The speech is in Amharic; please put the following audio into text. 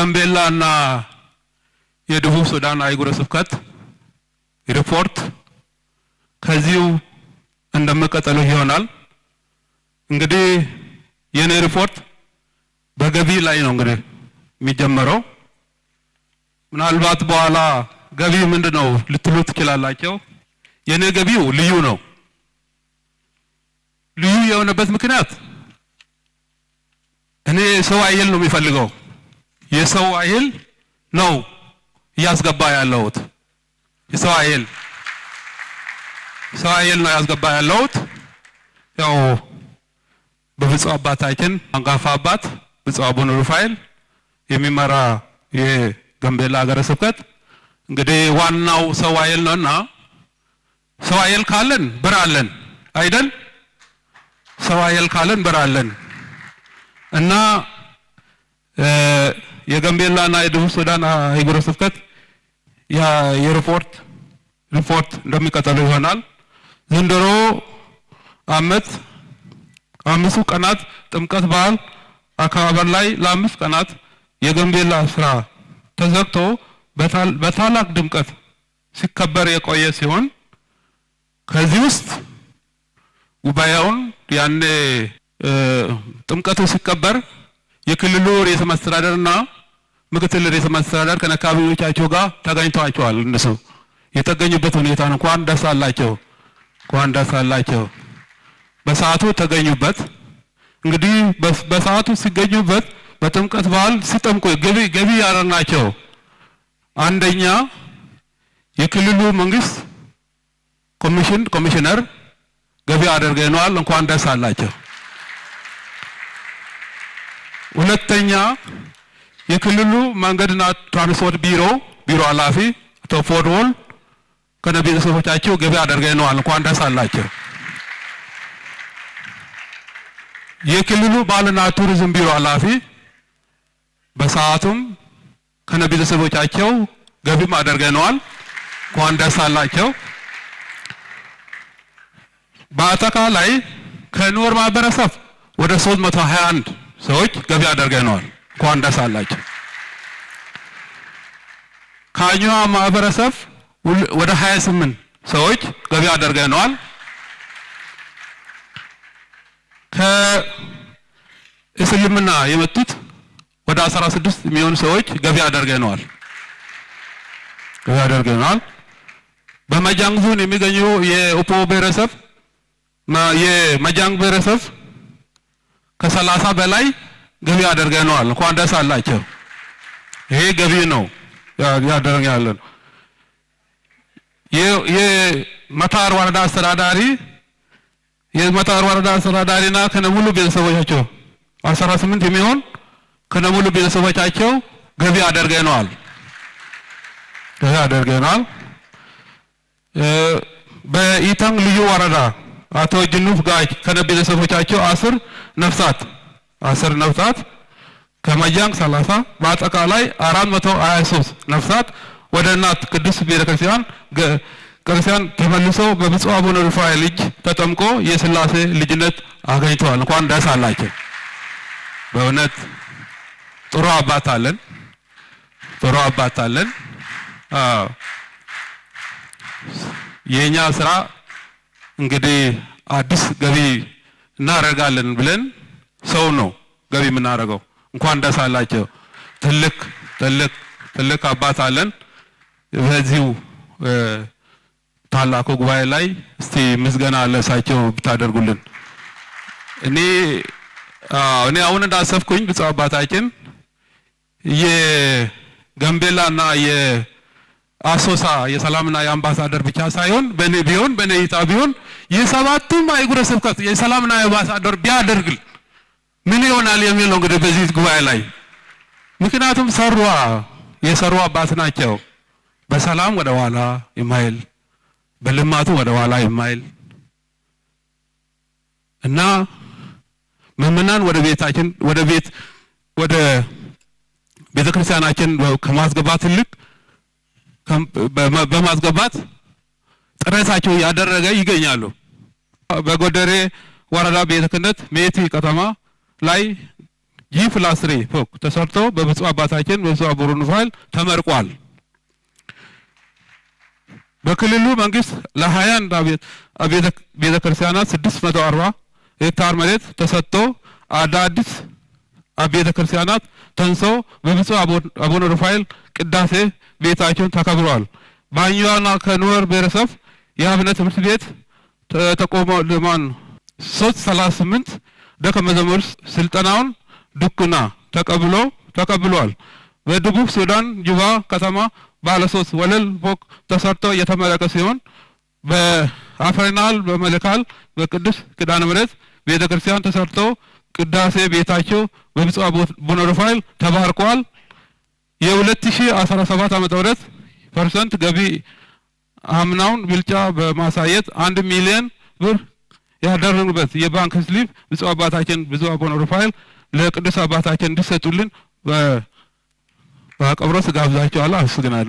የጋምቤላ እና የደቡብ ሱዳን አህጉረ ስብከት ሪፖርት ከዚሁ እንደመቀጠሉ ይሆናል። እንግዲህ የኔ ሪፖርት በገቢ ላይ ነው እንግዲህ የሚጀመረው። ምናልባት በኋላ ገቢ ምንድን ነው ልትሉ ትችላላቸው። የኔ ገቢው ልዩ ነው። ልዩ የሆነበት ምክንያት እኔ ሰው አየል ነው የሚፈልገው የሰው አይል ነው እያስገባ ያለሁት የሰው አይል ሰው አይል ነው ያስገባ ያለሁት። ያው በብፁዕ አባታችን አንጋፋ አባት ብፁዕ አቡነ ሩፋኤል የሚመራ የጋምቤላ ሀገረ ስብከት እንግዲህ ዋናው ሰው አይል ነውና ሰው አይል ካለን ብር አለን አይደል? ሰው አይል ካለን ብር አለን እና የገምቤላና የደቡብ ሱዳን ሀገረ ስብከት የሪፖርት ሪፖርት እንደሚቀጥለው ይሆናል። ዘንድሮ አመት አምስቱ ቀናት ጥምቀት በዓል አከባበር ላይ ለአምስት ቀናት የገምቤላ ስራ ተዘግቶ በታላቅ ድምቀት ሲከበር የቆየ ሲሆን ከዚህ ውስጥ ጉባኤውን ያኔ ጥምቀቱ ሲከበር የክልሉ ርዕሰ መስተዳደርና ምክትል ርዕሰ መስተዳደር ከነአካባቢዎቻቸው ጋር ተገኝተዋቸዋል። እነሱ የተገኙበት ሁኔታ እንኳን ደስ አላቸው፣ እንኳን ደስ አላቸው። በሰዓቱ ተገኙበት። እንግዲህ በሰዓቱ ሲገኙበት በጥምቀት በዓል ሲጠምቁ ገቢ ገቢ ያረናቸው አንደኛ የክልሉ መንግስት ኮሚሽን ኮሚሽነር ገቢ አድርገነዋል። እንኳን ደስ አላቸው። ሁለተኛ የክልሉ መንገድና ትራንስፖርት ቢሮ ቢሮ ኃላፊ አቶ ፎድወል ከነ ቤተሰቦቻቸው ገቢ አድርገነዋል። እንኳን ደስ አላቸው። የክልሉ ባህልና ቱሪዝም ቢሮ ኃላፊ በሰዓቱም ከነ ቤተሰቦቻቸው ገቢም አድርገነዋል። እንኳን ደስ አላቸው። በአጠቃላይ ከኑር ማህበረሰብ ወደ 321 ሰዎች ገቢ አድርገነዋል። እንኳን ደስ አላችሁ። ማህበረሰብ ወደ 28 ሰዎች ገቢ አድርገነዋል። ከእስልምና የመጡት ወደ 16 የሚሆኑ ሰዎች ገቢ አድርገነዋል ገቢ አድርገነዋል። በመጃንግ ዞን የሚገኙ የኦፖ ብሔረሰብ የመጃንግ ብሔረሰብ ከ30 በላይ ገቢ አድርገነዋል። እንኳን ደስ አላቸው። ይሄ ገቢ ነው ያደረግ ያለን የመታወር ወረዳ አስተዳዳሪ የመታወር ወረዳ አስተዳዳሪና ከነሙሉ ቤተሰቦቻቸው አስራ ስምንት የሚሆን ከነሙሉ ቤተሰቦቻቸው ገቢ አድርገነዋል ገቢ አድርገነዋል። በኢታንግ ልዩ ወረዳ አቶ ጅኑፍ ጋጅ ከነ ቤተሰቦቻቸው አስር ነፍሳት አስር ነፍሳት ከመጃንግ 30 በአጠቃላይ 423 ነፍሳት ወደ እናት ቅዱስ ቤተክርስቲያን ክርስቲያን ተመልሶ በብፁዕ አቡነ ሩፋኤል እጅ ተጠምቆ የስላሴ ልጅነት አገኝተዋል። እንኳን ደስ አላቸው። በእውነት ጥሩ አባት አለን፣ ጥሩ አባት አለን። የእኛ ስራ እንግዲህ አዲስ ገቢ እናደርጋለን ብለን ሰው ነው ገቢ የምናደርገው። እንኳን ደስ አላቸው። ትልቅ ትልቅ ትልቅ አባት አለን። በዚሁ ታላቁ ጉባኤ ላይ እስቲ ምስጋና አለሳቸው ብታደርጉልን። እኔ እኔ አሁን እንዳሰብኩኝ ብፁዕ አባታችን የጋምቤላና የአሶሳ የሰላምና የአምባሳደር ብቻ ሳይሆን በኔ ቢሆን በኔ እይታ ቢሆን የሰባቱም አህጉረ ስብከት የሰላምና የአምባሳደር ቢያደርግል ምን ይሆናል የሚል ነው እንግዲህ በዚህ ጉባኤ ላይ ምክንያቱም ሰሯ የሰሩ አባት ናቸው። በሰላም ወደ ኋላ የማይል በልማቱ ወደ ኋላ የማይል እና ምእመናን ወደ ቤታችን ወደ ቤት ወደ ቤተ ክርስቲያናችን ከማስገባት ይልቅ በማስገባት ጥረታቸው ያደረገ ይገኛሉ። በጎደሬ ወረዳ ቤተ ክህነት ሜቲ ከተማ ላይ ጂ ፍላስሬ ፎቅ ተሰርቶ በብፁዕ አባታችን በብፁዕ አቡነ ኑፋኤል ተመርቋል። በክልሉ መንግስት ለ21 ቤተ ክርስቲያናት 640 ሄክታር መሬት ተሰጥቶ አዳዲስ ቤተ ክርስቲያናት ተንሶ በብፁዕ አቡነ ሩፋኤል ቅዳሴ ቤታቸውን ተከብረዋል። ባኛዋና ከኑወር ብሔረሰብ የአብነት ትምህርት ቤት ተቆሞ ልማን 338 ደከመ ዘመድ ስልጠናውን ድኩና ተቀብሎ ተቀብሏል። በደቡብ ሱዳን ጁባ ከተማ ባለሶስት ወለል ፎቅ ተሰርቶ የተመረቀ ሲሆን በአፈርናል በመልካል በቅዱስ ኪዳነ ምሕረት ቤተ ክርስቲያን ተሰርቶ ቅዳሴ ቤታቸው በብፁዕ አቡነ ሩፋኤል ተባርቋል። የ2017 ዓመተ ምህረት ፐርሰንት ገቢ አምናውን ብልጫ በማሳየት አንድ ሚሊዮን ብር ያደረጉበት የባንክ ስሊፕ ብፁዕ አባታችን ብፁዕ አቡነ ሩፋኤል ለቅዱስ አባታችን እንዲሰጡልን በአቅብሮት ጋብዛቸዋለሁ። አመሰግናለሁ።